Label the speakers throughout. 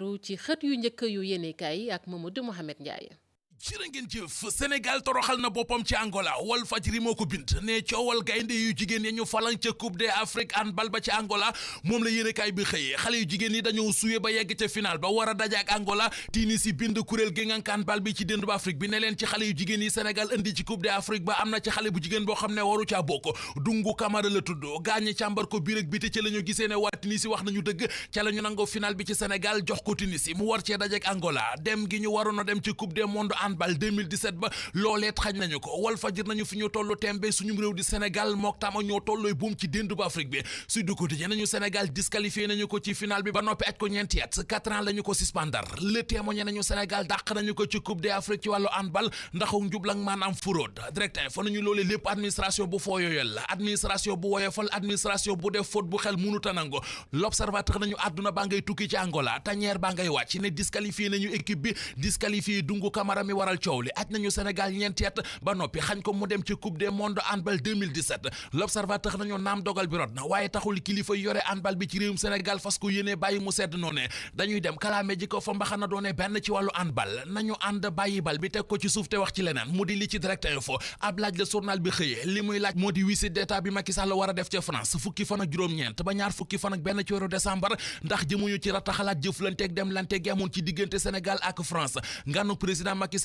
Speaker 1: du ci xët yu njëkk yu yéenekaay ak ak Mamadou Mouhamed Ndiaye. jërë ngeen jëf Sénégal toroxal na boppam ci Angola Walf Fadjri moo ko bind ne coowal gaynde yu jigéen ya ñu falang ca Coupe d'Afrique handball ba ci Angola moom la yéenekaay bi xëyee xale yu jigéen yi dañoo suwe ba yegg ca final ba war a daje ak Angola Tunisie bind kuréel gi ngànk handball bi ci dénd ba Afrique bi ne leen ci xale yu jigéen yi Sénégal indi ci Coupe d'Afrique ba am na ci xale bu jigéen boo xam ne waru caa bokk Dungu Kamara la tudd gaañe càmbar ko biir ak biti ca la gisee ne war Tunisie wax nañu dëgg ca la ñu final bi ci Sénégal jox ko Tunisie war cee daje ak Angola dem gi ñu waroon a dem ci Coupe du monde handball 2017 ba loolee xañ nañu ko wal fajir nañu fi ñu tollu tembe suñu réew di Sénégal mook tama ñoo tollooy buum ci déndu bu Afrique bi su du quotidien nañu Sénégal disqualifié nañu ko ci final bi ba noppi aj ko ñeenti at quatre ans la ko suspendar le témoigné nañu Sénégal dàq nañu ko ci coupe d'Afrique ci wàllu handball ndax njublang maanaam fraude direct fa nañu loolee lépp administration bu fooyoyal la administration bu woyofal administration bu waral coow li aj nañu Sénégal ñeenti at ba noppi xañ ko mu dem ci coupe du monde handball 2017 l'observateur nañu naam dogal bi rot waaye taxul kilifa yore handball bi ci réewum Sénégal fas ko bàyyi mu sedd noo ne dañuy dem kalaame ji ko fa mbaxana doone benn ci wàllu handball nañu ànd bàyyi bal bi teg ko ci suuf te wax ci leneen mu di li ci direct info ab laaj la journal bi xëyee li muy laaj moo di visite d'état bi Macky Sall war a def ca France fukki fan ak juróom-ñeent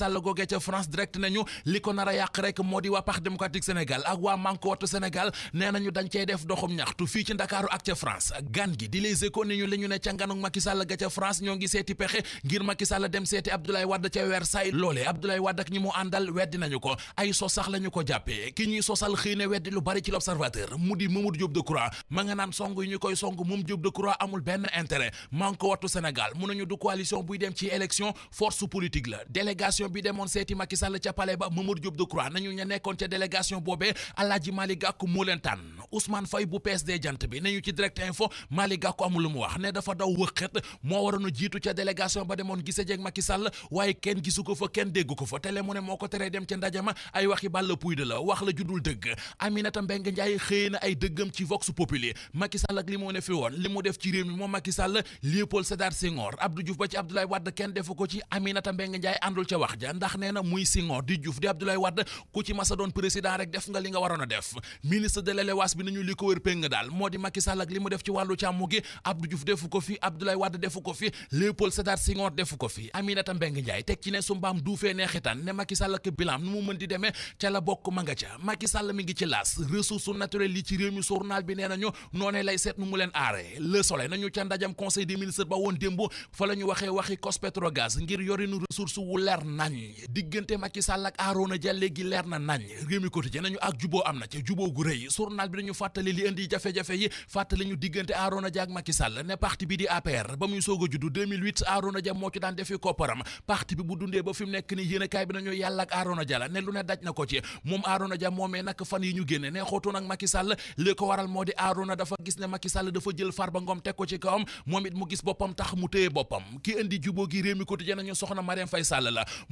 Speaker 1: Sall googee ca France direct nañu li ko nar a yàq rek moo di waa Parti démocratique Sénégal ak waa Manko Wattu Sénégal nee nañu dañ cey def doxum ñaxtu fii ci Ndakaaru ak ca France gan gi di Les Échos ni ñu li ñu ne ca nganuk Macky Sall ga ca France ñoo ngi seeti pexe ngir Macky Sall dem seeti Abdoulaye Wade ca Versailles loolee Abdoulaye Wade ak ñi mu àndal weddi nañu ko ay sos sax la ñu ko jàppee ki ñuy sosal xëy na weddi lu bari ci l'Observateur mu di Mamadou Diop Decroix ma nga naan song yi ñu koy song moom Diop Decroix amul benn intérêt Manko Wattu Sénégal mënuñu du coalition buy dem ci élection force politique la délégation bi demoon seeti Macky Sall ca palais ba Mamadou Diop Decroix nañu ña nekkoon ca délégation boobee Alaaji Malick Gakou moo leen tànn Ousmane Faye bu PSD jant bi nañu ci direct info Malick Gakou amul mu wax ne dafa daw wëqet moo waroon a jiitu ca délégation ba demoon gise jeeg Macky Sall waaye kenn gisu ko fa kenn déggu ko fa télé mu ne moo ko teree dem ca ndajama ay waxi bàll puy de la wax la judul dëgg Aminata Mbengue Ndiaye xëy na ay dëggam ci Vox li mu ne ja ndax nee na muy Senghor di Diouf di Abdoulaye Wade ku ci masa doon président rek def nga li nga waroon a def ministre de l'élevage bi nañu li ko wër péng daal moo di Macky ak li mu def ci wàllu càmm gi Abdou Diouf defu ko fi Abdoulaye Wade ko fi Léopold Sédar Senghor defu ko fi Aminata Mbengue Ndiaye teg ci ne su mbaam duufee neexitaan ne Macky ak bilan nu mu mën di demee ca la bokk ma nga ca Macky mi ngi ci laas ressources naturelles yi ci réew mi journal bi nañ diggante Macky Sall ak Arouna Dia léegi leer na nañ réew mi quotidien nañu ak juboo am na ca juboo gu rëy journal bi dañu fàttali li indi jafe-jafe yi fàttali ñu diggante Arouna Dia ak Macky Sall ne parti bi di APR ba muy soog a juddu 2008 Arouna Dia moo ci moom Arouna Dia fan yi ñu génne ne xootoon ak Macky Sall li ko waral moo di Arouna dafa gis ne Macky Sall dafa jël Farba Ngom teg ko ci kawam moom it mu gis boppam tax mu téye boppam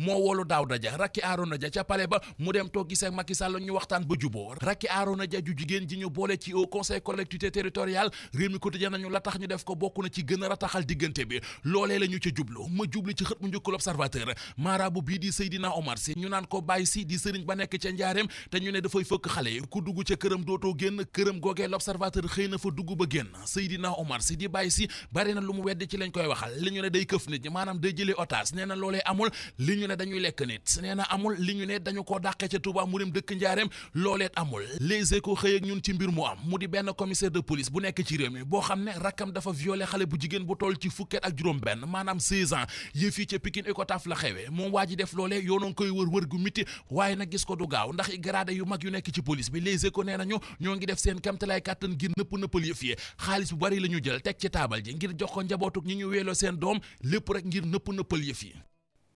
Speaker 1: moo woolu Daouda Dia rakki Arona Dia ca palais ba mu dem toog gisee ak Macky Sall ñu waxtaan ba juboo rakki Arona Dia ju jigéen ji ñu boole ci au conseil collectivité territoriale réew mi quotidien nañu la tax ñu def ko bokk na ci gën a rataxal diggante bi loolee la ñu ca jublu ma jublu ci xët mu njëkk l'observateur maaraabu bii di Seydina Omar si ñu naan ko bàyyi si di sëriñ ba nekk ca njaareem te ñu ne dafay fëkk xale yi ku dugg ca këram dootoo génn këram googee l'observateur xëy na fa dugg ba génn Seydina Omar si di bàyyi si bari na lu mu wedd ci lañ koy waxal li ñu ne day këf nit ñi maanaam day jëlee otage nee na loolee amul li ñu ne dañuy lekk nit nee na amul li ñu ne dañu ko dàqee ca Touba mu dem dëkk njaareem looleet amul les échos xëy ñun ci mbir mu am mu di benn commissaire de police bu nekk ci réew mi boo xam ne rakkam dafa violé xale bu jigéen bu toll ci fukket ak juróom benn maanaam 16 ans yëf yi ca Pikine Icotaf la xewee moom waa ji def loolee yoonoongi koy wër wër gu miti waaye nag gis ko du gaaw ndax i yu mag yu nekk ci police bi les échos nee ñoo ngi def seen kamtalaay kàttan ngir nëpp nëppal yëf yi xaalis bu bari la jël teg ci taabal ji ngir jox ko njabootuk ñi ñu weeloo seen doom lépp rek ngir nëpp nëppal yëf